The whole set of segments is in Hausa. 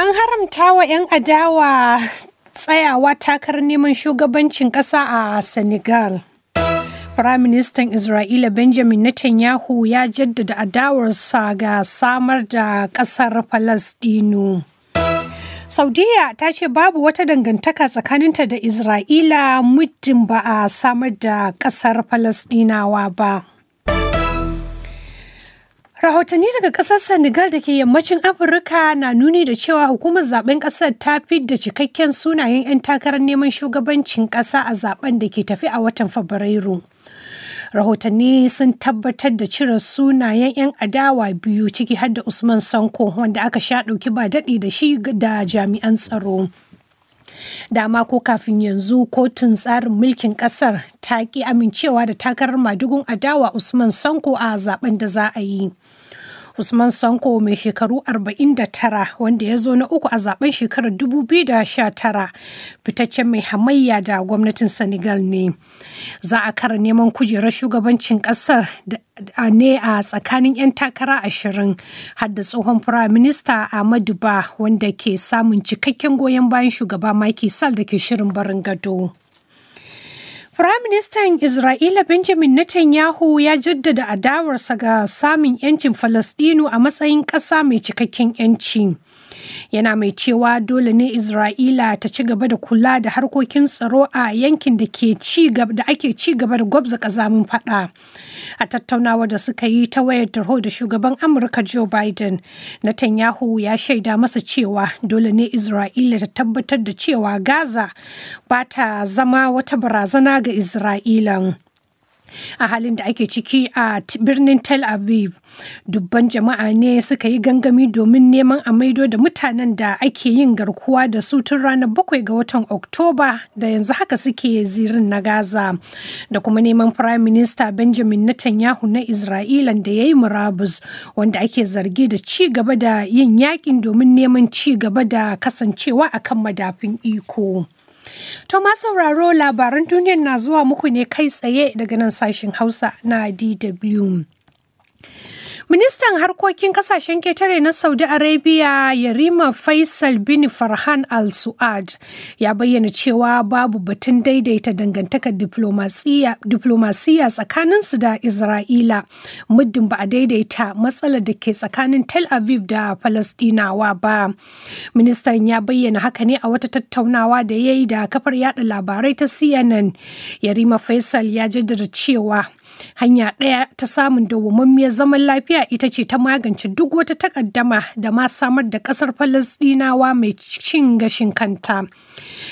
An haramta wa 'yan adawa tsayawa takarar neman shugabancin ƙasa a Senegal. Firaministan Isra'ila Benjamin Netanyahu ya jaddada adawarsa ga samar da ƙasar Falasɗinu. Saudiya ta ce babu wata dangantaka tsakaninta da Isra'ila muddin ba a samar da ƙasar Falasɗinawa ba. Rahotanni daga ƙasar Senegal da ke yammacin Afirka na nuni da cewa hukumar zaben ƙasar ta fi da cikakken sunayen 'yan takarar neman shugabancin ƙasa a zaben da ke tafi a watan Fabrairu. Rahotanni sun tabbatar da cire sunayen 'yan adawa biyu ciki har da Usman Sanko wanda aka sha ɗauki ba daɗi da shi da jami'an tsaro. dama ko kafin yanzu kotun tsarin mulkin kasar ta ki amincewa da takarar madugun adawa usman sanko a zaben da za a yi Usman Sanko mai shekaru 49 wanda ya zo na uku a zaben shekarar 2019 fitaccen mai hamayya da gwamnatin Senegal ne. Za a kara neman kujerar shugabancin kasar ne a tsakanin 'yan takara ashirin har da tsohon firaminista Ahmadu Ba wanda ke samun cikakken goyon bayan shugaba Macky Sall da ke shirin barin gado. Firaministan Isra'ila Benjamin Netanyahu ya jaddada adawarsa ga samun 'yancin Falasɗinu a matsayin ƙasa mai cikakken 'yanci. yana mai cewa dole ne isra'ila ta ci gaba da kula da harkokin tsaro a yankin da ake ci gaba da gwabza kazamin fada a tattaunawa da suka yi ta wayar tarho da shugaban amurka joe biden netanyahu ya shaida masa cewa dole ne isra'ila ta tabbatar da cewa gaza ba ta zama wata barazana ga isra'ilan a halin da ake ciki a birnin tel aviv dubban jama'a ne suka yi gangami domin neman a maido da mutanen da ake yin garkuwa da su tun ranar bakwai ga watan oktoba da yanzu haka suke zirin na gaza da kuma neman prime minister benjamin netanyahu na isra'ilan da ya yi murabus wanda ake zargi da ci gaba da yin yakin domin neman ci gaba da kasancewa akan madafin iko. Thomas sauraro labaran duniyar na zuwa muku ne kai tsaye daga nan sashen Hausa na DW. Ministan harkokin kasashen ketare na Saudi Arabia Yarima Faisal bin Farhan Al Su'ad ya bayyana cewa babu batun daidaita dangantakar diplomasiya su da Isra'ila muddin ba a daidaita matsalar da ke tsakanin Tel Aviv da Falasdinawa ba. Ministan ya bayyana haka ne a wata tattaunawa da ya yi da kafar yada labarai ta CNN. Yarima Faisal ya jaddada cewa Hanya ɗaya ta samun dawwammamiyar zaman lafiya ita ce ta magance duk wata takaddama da ma samar da ƙasar Falasɗinawa mai cin gashin kanta.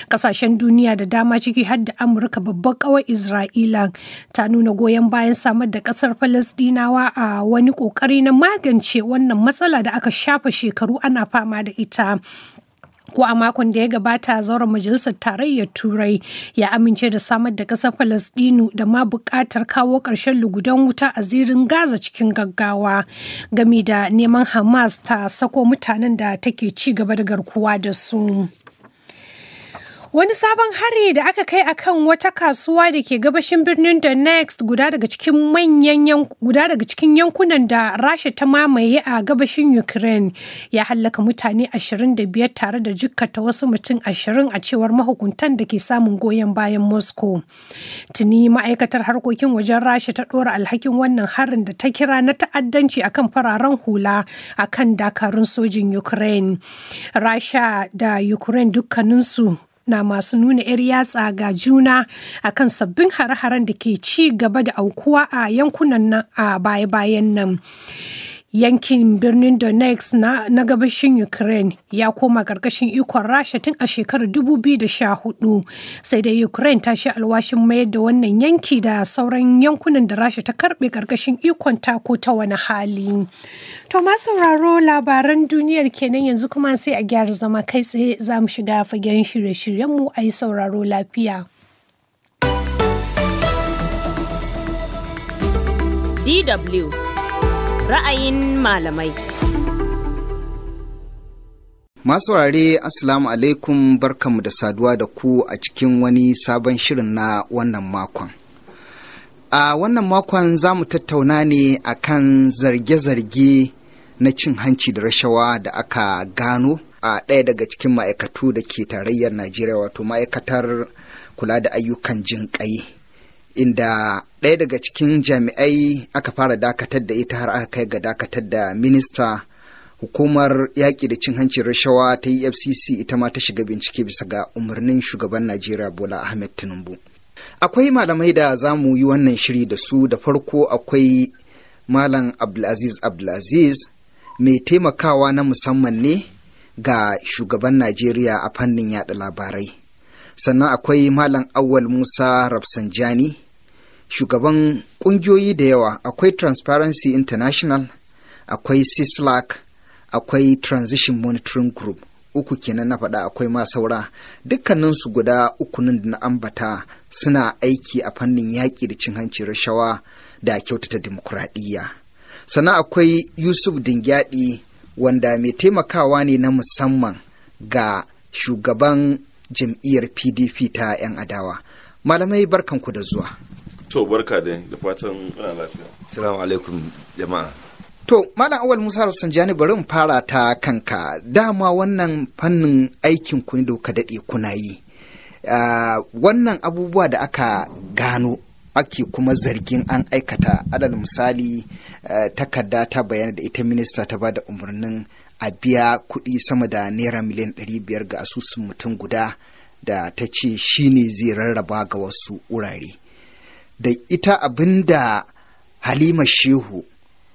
Ƙasashen duniya da dama ciki har da Amurka babban ƙawar Isra'ila ta nuna goyon bayan samar da ƙasar Falasɗinawa a wani ƙoƙari na magance wannan matsala da aka shafa shekaru ana fama da ita. ko a makon da ya gabata zauren majalisar tarayyar turai ya amince da samar da ƙasar falasdinu da ma buƙatar kawo ƙarshen lugudan wuta a zirin gaza cikin gaggawa gami da neman hamas ta sako mutanen da take ci gaba da garkuwa da su Wani sabon hari da aka kai a kan wata kasuwa da ke gabashin birnin Donetsk guda daga cikin manyan guda daga cikin yankunan da Rasha ta mamaye a gabashin Ukraine ya hallaka mutane 25 tare da jikkata wasu mutum 20 a cewar mahukuntan da ke samun goyon bayan Moscow. Tuni ma'aikatar harkokin wajen Rasha ta ɗora alhakin wannan harin da ta kira na ta'addanci akan fararen hula akan dakarun sojin Ukraine. Rasha da Ukraine dukkaninsu na masu nuna 'yar yatsa ga juna akan sabbin hare-haren da ke ci gaba da aukuwa a yankunan nan a baya-bayan nan. yankin birnin Donetsk na, na gabashin Ukraine ya koma ƙarƙashin ikon Rasha tun a shekarar 2014 sai dai Ukraine ta shi alwashin mayar da wannan yanki da sauran yankunan da Rasha ta karɓi ƙarƙashin ikon ta ko ta wani hali. To ma sauraro labaran duniyar kenan yanzu kuma sai a gyara zama kai tsaye za mu shiga fagen shirye-shiryenmu a yi sauraro lafiya. DW ra'ayin malamai. Masu ware Assalamu alaikum barkamu da saduwa da ku a cikin wani sabon shirin na wannan makon. A wannan makon za mu tattauna ne a kan zarge-zarge na cin hanci da rashawa da aka gano a ɗaya daga cikin ma'aikatu da ke tarayyar Najeriya wato ma'aikatar kula da ayyukan jin inda ɗaya daga cikin jami'ai aka fara dakatar da ita har aka kai ga dakatar da minista hukumar yaƙi da cin hancin rashawa ta efcc ita ma ta shiga bincike bisa ga umarnin shugaban najeriya bola ahmed tinubu akwai malamai da za mu yi wannan shiri da su da farko akwai malam abdulaziz abdulaziz mai taimakawa na musamman ne ga shugaban najeriya a fannin yada labarai sannan akwai malam awal musa rafsanjani shugaban kungiyoyi da yawa akwai transparency international akwai cislac akwai transition monitoring group uku kenan na faɗa akwai ma saura dukkaninsu guda ukunin da na ambata suna aiki a fannin yaƙi da cin hanci rashawa da kyautata dimokuraɗiyya sannan akwai yusuf dingyadi wanda mai taimakawa ne na musamman ga shugaban jam'iyyar pdp ta 'yan adawa malamai barkanku da zuwa to barka da da fatan ina lafiya salamu alaikum jama'a to malam awal musa sanjani bari in fara ta kanka dama wannan fannin aikin ku da daɗe kuna yi ah, wannan abubuwa da aka gano ake kuma zargin an aikata alal misali eh, takarda ta bayyana da ita minista ta ba da umarnin a biya kuɗi sama da naira miliyan 500 ga asusun mutum guda da ta ce shi ne zai rarraba ga wasu wurare da ita abinda halima shehu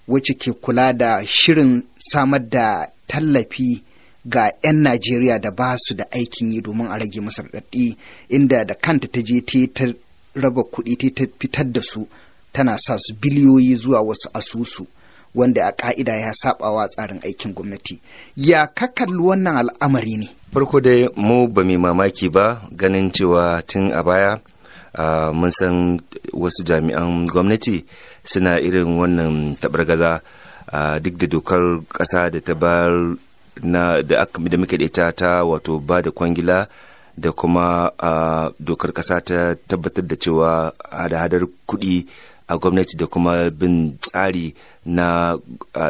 wacce ke kula da shirin samar da tallafi ga 'yan Najeriya da ba su da aikin yi domin a rage masarɗaɗɗi inda da kanta ta je ta raba kuɗi ta fitar da su tana sa su biliyoyi zuwa wasu asusu wanda a ka'ida ya sabawa tsarin aikin gwamnati ya kakalli wannan al'amari ne farko dai mu ba mai mamaki ba ganin cewa tun a baya mun san wasu jami'an gwamnati suna irin wannan tabargaza duk da dokar ƙasa da ta bar na da muka ta wato ba da kwangila da kuma dokar kasa ta tabbatar da cewa hada-hadar kuɗi a gwamnati da kuma bin tsari na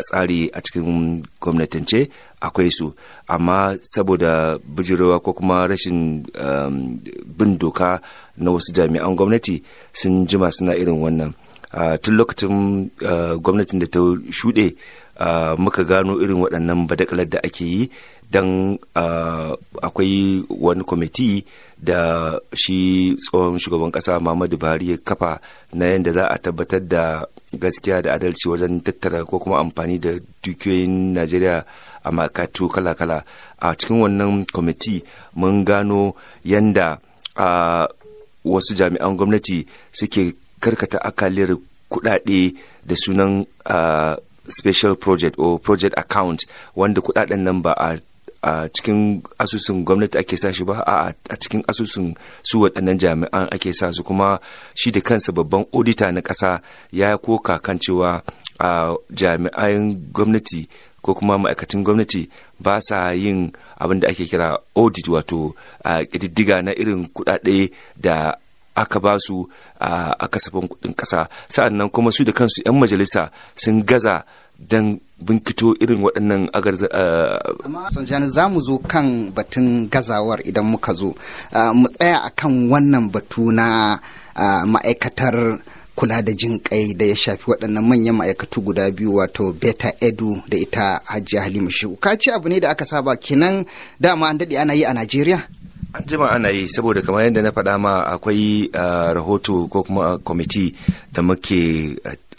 tsari a cikin gwamnatance akwai su amma saboda bijirowa ko kuma rashin um, bin doka na wasu jami'an gwamnati sun jima suna irin wannan tun lokacin gwamnatin da ta shuɗe muka gano irin waɗannan badakalar da ake yi don ah, akwai wani kwamiti da shi tsohon shugaban kasa Muhammadu Buhari ya kafa na yadda za a tabbatar da gaskiya da adalci wajen tattara ko kuma amfani da dukiyoyin Najeriya a makatu kala-kala a cikin wannan kwamiti mun gano yadda ah, wasu jami'an gwamnati suke karkata akalir kudade da sunan ah, special project or project account wanda kudaden nan ba a a cikin asusun gwamnati ake sa shi ba a cikin asusun su waɗannan jami'an ake sa su kuma shi da kansa babban odita na ƙasa ya koka kan cewa a jami'an gwamnati ko kuma ma'aikatan gwamnati ba sa yin abin da ake kira audit wato a ƙididdiga na irin kuɗaɗe da aka ba su a kasafin kuɗin ƙasa sa'annan kuma su da kansu 'yan majalisa sun gaza don binkito irin waɗannan agarza eh, a za mu zo kan batun gazawar idan muka zo eh, mu tsaya a kan wannan batu na eh, ma'aikatar kula da jin kai da ya shafi waɗannan manyan ma'aikatu guda biyu wato beta edu da ita Hajji halima shehu ka ce abu ne da aka saba kenan dama an daɗe ana yi a najeriya an jima ana yi saboda kamar yadda na faɗa ma akwai rahoto ko kuma kwamiti da muke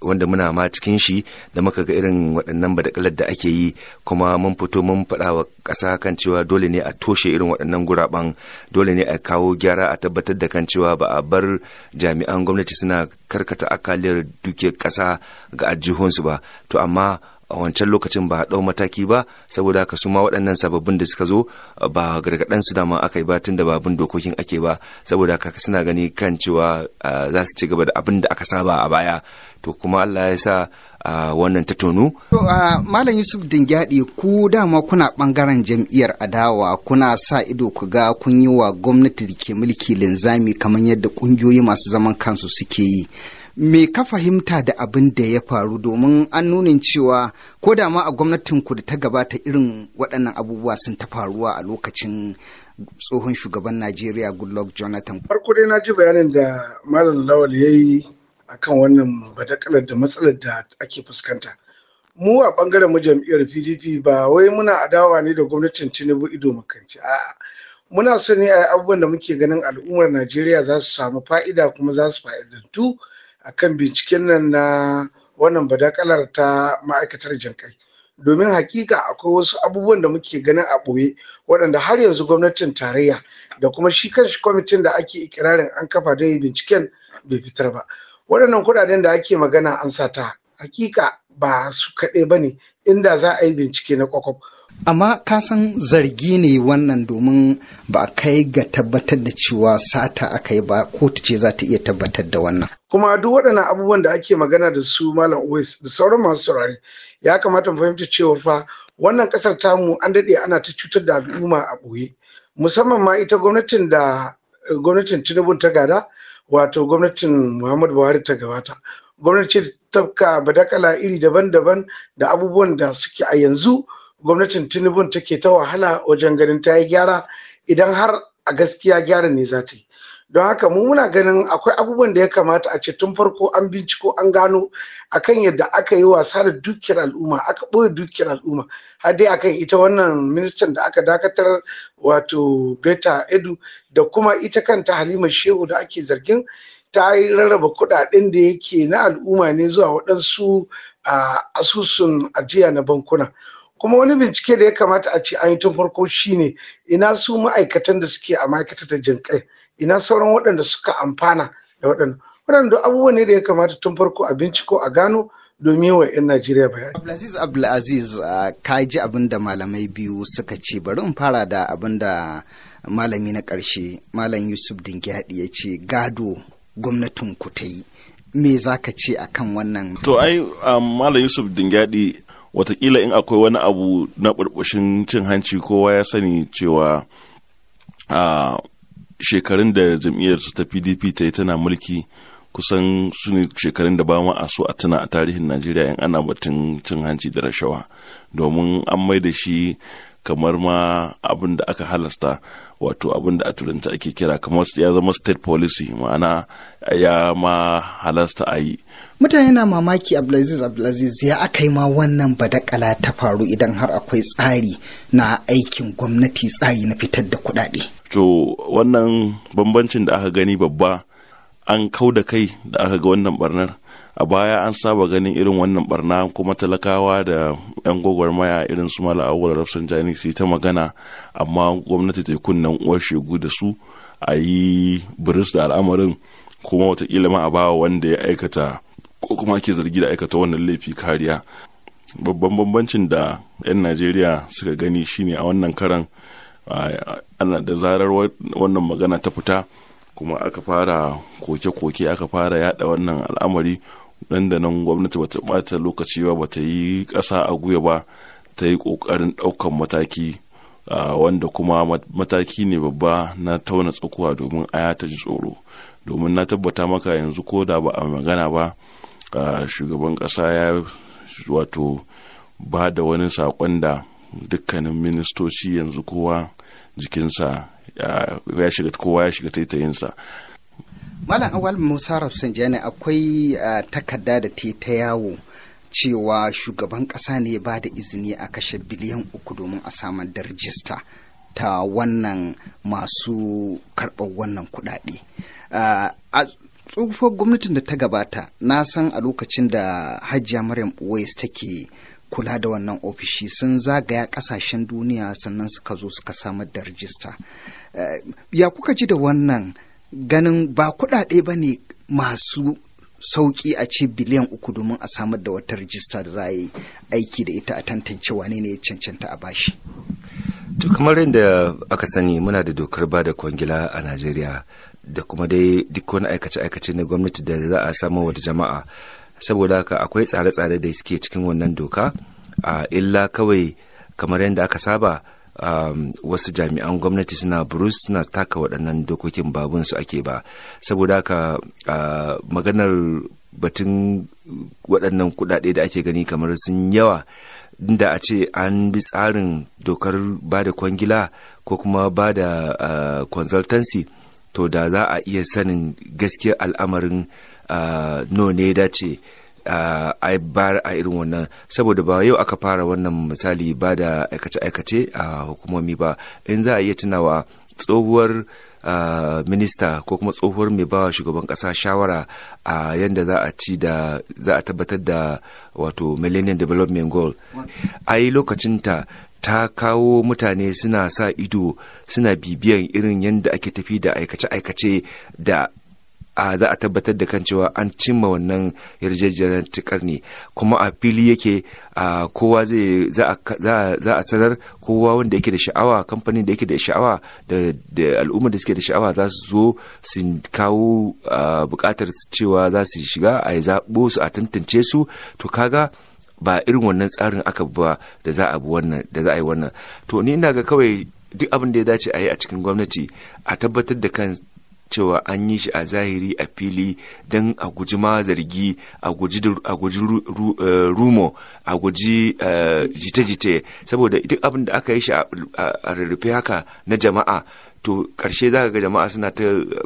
wanda muna ma cikin shi da muka ga irin waɗannan badakalar da ake yi kuma mun fito mun faɗa wa ƙasa kan cewa dole ne a toshe irin waɗannan guraben dole ne a kawo gyara a tabbatar da kan cewa ba a bar jami'an gwamnati suna karkata akalar dukiyar ƙasa ga ajihunsu ba to amma a wancan lokacin ba ɗau mataki ba saboda haka su ma waɗannan sababbin da suka zo ba gargaɗan su dama aka yi ba tun da babin dokokin ake ba saboda haka suna gani kan cewa za su ci gaba da abin da aka saba a baya to kuma Allah ya sa wannan ta tonu? Malam Yusuf Dingyadi ku dama kuna bangaren jam'iyyar adawa kuna sa ido ku ga kun yi wa gwamnati da ke mulki linzami kamar yadda kungiyoyi masu zaman kansu suke yi. me ka fahimta da abin da ya faru domin an nunin cewa ko da ma a gwamnatin ku da ta gabata irin waɗannan abubuwa sun ta faruwa a lokacin tsohon shugaban najeriya goodluck jonathan farko dai na ji bayanin da malam lawal ya yi akan wannan badakalar da matsalar da ake fuskanta mu a bangaren mu jam'iyyar pdp ba wai muna adawa ne da gwamnatin tinubu ido makanci a'a muna so ne a abubuwan da muke ganin al'ummar najeriya za su samu fa'ida kuma za su fa'idantu a kan binciken nan na wannan badakalar ta ma'aikatar jinkai domin hakika akwai wasu abubuwan da muke ganin a ɓoye waɗanda har yanzu gwamnatin tarayya da kuma shi kanshi kwamitin da ake ikirarin an kafa don yi binciken bai fitar ba waɗannan kuɗaɗen da ake magana an sata hakika ba su kaɗai ba ne inda za a yi bincike na kwakwaf amma ka san zargi ne wannan domin ba a kai ga tabbatar da cewa sata aka yi ba kotu ce za ta iya tabbatar da wannan kuma duk waɗannan abubuwan da ake magana da su malam uwais da sauran masu saurari ya kamata mu fahimta cewa fa wannan ƙasar tamu an daɗe ana ta cutar da al'umma a ɓoye musamman ma ita gwamnatin da gwamnatin tinubu ta gada wato gwamnatin muhammadu buhari ta gabata gwamnati ta tafka badakala iri daban-daban da abubuwan da suke a yanzu gwamnatin tinubun take ta wahala wajen ganin ta yi gyara idan har a gaskiya gyara ne za ta yi don haka mu muna ganin akwai abubuwan da ya kamata a ce tun farko an binciko an gano akan yadda aka yi wasa da dukiyar al'umma aka ɓoye dukiyar al'umma har dai akan ita wannan ministan da aka dakatar wato beta edu da kuma ita kanta halima shehu da ake zargin ta yi rarraba kuɗaɗen da yake na al'umma ne zuwa waɗansu asusun ajiya na bankuna kuma wani bincike da ya kamata a ce an yi tun farko shine ina su ma'aikatan da suke a ma'aikatar da jinƙai ina sauran waɗanda suka amfana da waɗanda waɗanda abubuwa ne da ya kamata tun farko a binciko a gano domin wa 'yan Najeriya bayani. Abdulaziz Abdulaziz ka ji abin da malamai biyu suka ce bari in fara da abin da malami na ƙarshe malam Yusuf Dingyadi ya ce gado gwamnatin ku ta yi me za ka ce akan wannan. To ai um, malam Yusuf Dingyadi watakila in akwai wani abu na burbushin cin hanci kowa ya sani cewa a shekarun da jam'iyyar ta pdp ta yi tana mulki kusan su ne shekarun da ba mu a so a tuna a tarihin najeriya in ana batun cin hanci da rashawa domin an mai da shi kamar ma abin da aka halasta wato abin da a turanci ake kira kamar ya zama state policy ma'ana ya ma halasta a yi mutane na mamaki abdulaziz abdulaziz ya aka yi ma wannan badakala ta faru idan har akwai tsari na aikin gwamnati tsari na fitar da kuɗaɗe to wannan bambancin da aka gani babba an kau da kai da aka ga wannan barnar a baya an saba ganin irin wannan barna kuma talakawa da 'yan gwagwarmaya irin su mala awul jani su ta magana amma gwamnati ta yi kunnen uwar shegu da su a yi biris da al'amarin kuma wataƙila ma a ba wanda ya aikata ko kuma ke zargi da aikata wannan laifi kariya babban bambancin da 'yan najeriya suka gani shine a wannan karan ana da zarar wannan magana ta fita kuma aka fara koke-koke aka fara yada wannan al'amari nan da nan gwamnati bata bata lokaci ba bata yi kasa a guya ba ta yi kokarin ɗaukan mataki wanda kuma mataki ne babba na tauna tsakuwa domin aya ta ji tsoro domin na tabbata maka yanzu ko da ba a magana ba shugaban kasa ya wato ba da wani sakon da dukkanin ministoci yanzu kowa jikinsa kowa ya shiga taitayinsa malam awal musa jani akwai ah, takarda da ta ta yawo cewa shugaban ƙasa ne ba da izini a kashe biliyan uku domin a samar da rijista ta wannan masu karɓar wannan kuɗaɗe ah, a tsofaffin gwamnatin da ta gabata na san a lokacin da hajiya maryam uwais take kula da wannan ofishi sun zagaya kasashen duniya sannan suka zo suka samar da rijista eh, ya kuka ji da wannan ganin ba kuɗaɗe ba ne masu sauƙi a ci biliyan uku domin a samar da wata rijista da za a yi aiki da ita a tantance wane ne ya cancanta a bashi. To kamar yadda aka sani muna da dokar ba da kwangila a Najeriya da kuma dai duk wani aikace-aikace na gwamnati da za a samu wata jama'a saboda haka akwai tsare-tsare da suke cikin wannan doka a illa kawai kamar yadda aka saba um, wasu jami'an gwamnati suna burus suna taka waɗannan dokokin babun su ake ba saboda haka uh, maganar batun waɗannan kuɗaɗe da ake gani kamar sun yawa inda a ce an bi tsarin dokar ba da kwangila ko kuma ba da uh, to da za a iya sanin gaskiyar al'amarin uh, no ne dace a bar a irin wannan saboda ba yau aka fara wannan misali ba da aikace-aikace a hukumomi ba in za a iya tunawa tsohuwar Uh, minista ko kuma tsohuwar mai bawa shugaban kasa shawara a uh, yadda za a ci da za a tabbatar da wato millennium development goal a yi lokacinta ta kawo mutane suna sa ido suna bibiyan irin yadda ake tafi da aikace-aikace da a za a tabbatar da kan cewa an cimma wannan yarjejeniyar ta ne kuma a fili yake kowa zai za a sanar kowa wanda yake da sha'awa kamfanin da yake da sha'awa da al'ummar da suke da sha'awa za su zo su kawo bukatar cewa za su shiga a yi zaɓo su a tantance su to kaga ba irin wannan tsarin aka ba da za a wannan da za a yi wannan to ni ina ga kawai duk abin da ya dace a yi a cikin gwamnati a tabbatar da kan cewa an yi shi a zahiri a fili don a guji ma zargi a guji eh, rumo a guji eh, jite-jite saboda duk abin da aka yi shi a rarrafe haka na jama'a to karshe za ka ga jama'a suna ta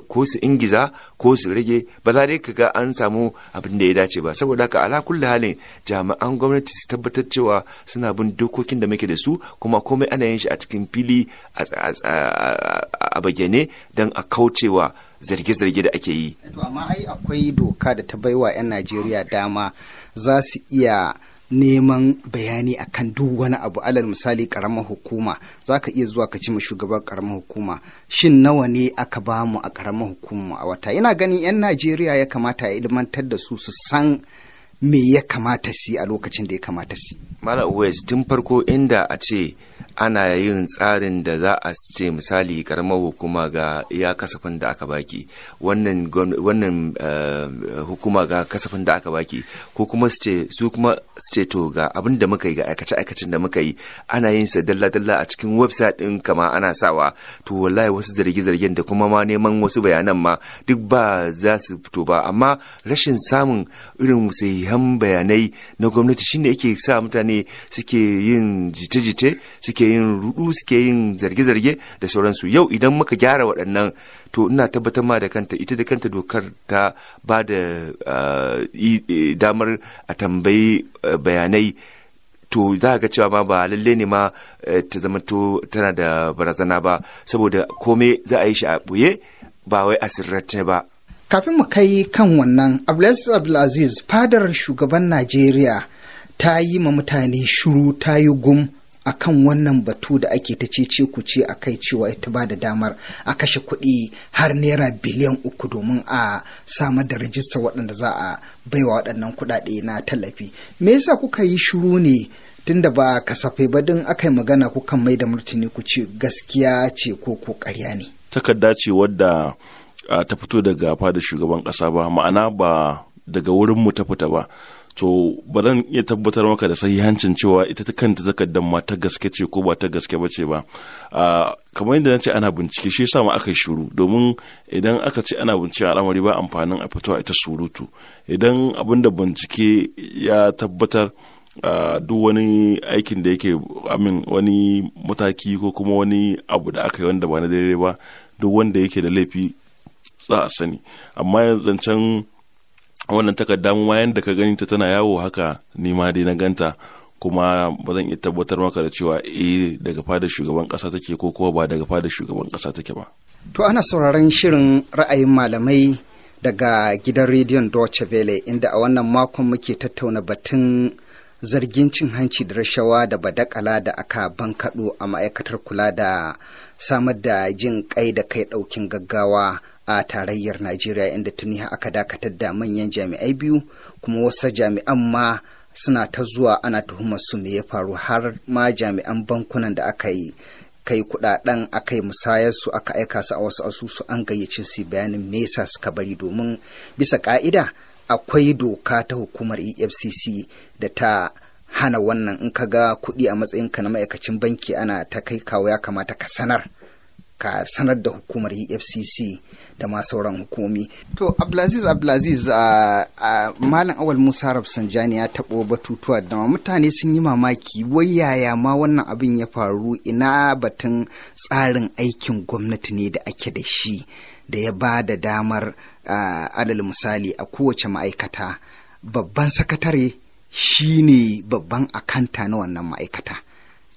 ko su ingiza ko su rage ba za dai ka ga an samu abin da ya dace ba saboda haka ala kulli halin jami'an gwamnati su tabbatar cewa suna bin dokokin da muke da su kuma komai ana yin shi a cikin fili a bayyane don a kaucewa zarge-zarge da ake yi. amma ai akwai doka da ta baiwa 'yan najeriya dama za su iya neman bayani akan duk wani abu alal misali karamar hukuma za ka iya zuwa ka ci ma shugaban karamar hukuma shin nawa ne aka ba mu a karamar hukuma a wata ina ganin 'yan najeriya ya kamata ya ilmantar da su su san me ya kamata su a lokacin da ya kamata su. Mala West tun farko inda a ce ana yin tsarin da za a ce misali karamar hukuma ga ya kasafin da aka baki wannan eh, hukuma ga kasafin da aka baki ko kuma su kuma su ce to ga abin da muka yi ga aikace aikacen da muka yi ana yin sa dalla dalla a cikin website din kama ana sawa to wallahi wasu zarge zargen da kuma ma neman wasu bayanan ma duk ba za su fito ba amma rashin samun irin sahihan bayanai na gwamnati shine yake sa mutane suke yin jite-jite suke yin rudu suke yin zarge-zarge da sauransu yau idan muka gyara waɗannan to ina tabbatar ma da kanta ita da kanta dokar ta ba da eh, eh, damar a tambayi eh, bayanai to za ga cewa ma ba lalle ne ma ta zama to tana da barazana ba saboda kome za a yi shi a ɓoye ba wai a sirrata ba kafin mu kai kan wannan abdulaziz abdulaziz fadar shugaban najeriya ta yi ma mutane shiru ta yi gum a kan wannan batu da ake ta ce ku ce a kai cewa ita ba da damar a kashe kuɗi har naira biliyan uku domin a samar da rijista waɗanda za a baiwa waɗannan kuɗaɗe na tallafi me yasa kuka yi shuru ne tunda ba kasafai ba din aka yi magana kukan mai da martini ku ce gaskiya ce ko ko ƙarya ne takarda ce wadda ta fito daga fada shugaban ƙasa ba ma'ana ba daga wurin mu ta fita ba to ba zan iya tabbatar maka da sahihancin cewa ita ta kanta takardar ma ta gaske ce ko ba ta gaske ba ce ba kamar yadda na ce ana bincike shi yasa ma aka yi shuru domin idan aka ce ana bincike al'amari ba amfanin a fito a ita surutu idan abin da bincike ya tabbatar duk wani aikin da yake amin wani mataki ko kuma wani abu da aka yi wanda ba na daidai ba duk wanda yake da laifi za a sani amma zancen wannan takarda mu da ka gani ta tana yawo haka ni ma dai na ganta kuma ba zan iya tabbatar maka da cewa eh daga fadar shugaban kasa take ko kuma ba daga fadar shugaban kasa take ba to ana sauraron shirin ra'ayin malamai daga gidan rediyon Deutsche Welle inda a wannan makon muke tattauna batun zargin cin hanci da rashawa da badakala da aka bankaɗo a ma'aikatar kula da samar da jin kai da kai ɗaukin gaggawa a tarayyar najeriya inda tuni aka dakatar da manyan jami'ai biyu kuma wasu jami'an ma suna ta zuwa ana tuhumar su me ya faru har ma jami'an bankunan da aka yi kai kudaden aka yi musayar su aka aika su a wasu asusu an gayyace su bayanin me yasa suka bari domin bisa ka'ida akwai doka ta hukumar efcc da ta hana wannan in ka ga kuɗi a matsayinka na ma'aikacin banki ana ta kai kawo ya kamata ka sanar ka sanar da hukumar efcc da ma sauran hukumi. To Abdulaziz Abdulaziz a Malam Awal Musa sanjani ya taɓo batutuwa da mutane sun yi mamaki wai yaya ma wannan abin ya faru ina batun tsarin aikin gwamnati ne da ake da shi da ya ba da damar alal misali a kowace ma'aikata babban sakatare shi ne babban akanta na wannan ma'aikata.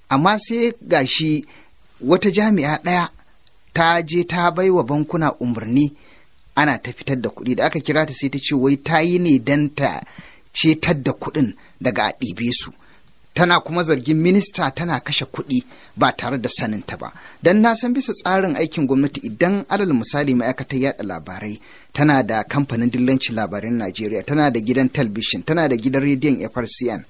Amma sai gashi wata jami'a ɗaya ta je ta bai wa bankuna umarni ana ta fitar da kuɗi da aka kira ta sai ta ce wai ta yi ne don ta cetar da kuɗin daga a ɗibe su tana kuma zargin minista tana kashe kuɗi ba tare da saninta ba don na san bisa tsarin aikin gwamnati idan alal misali ma'aikatar yada labarai tana da kamfanin dillancin labaran najeriya tana da gidan talbishin tana da gidan rediyon frcn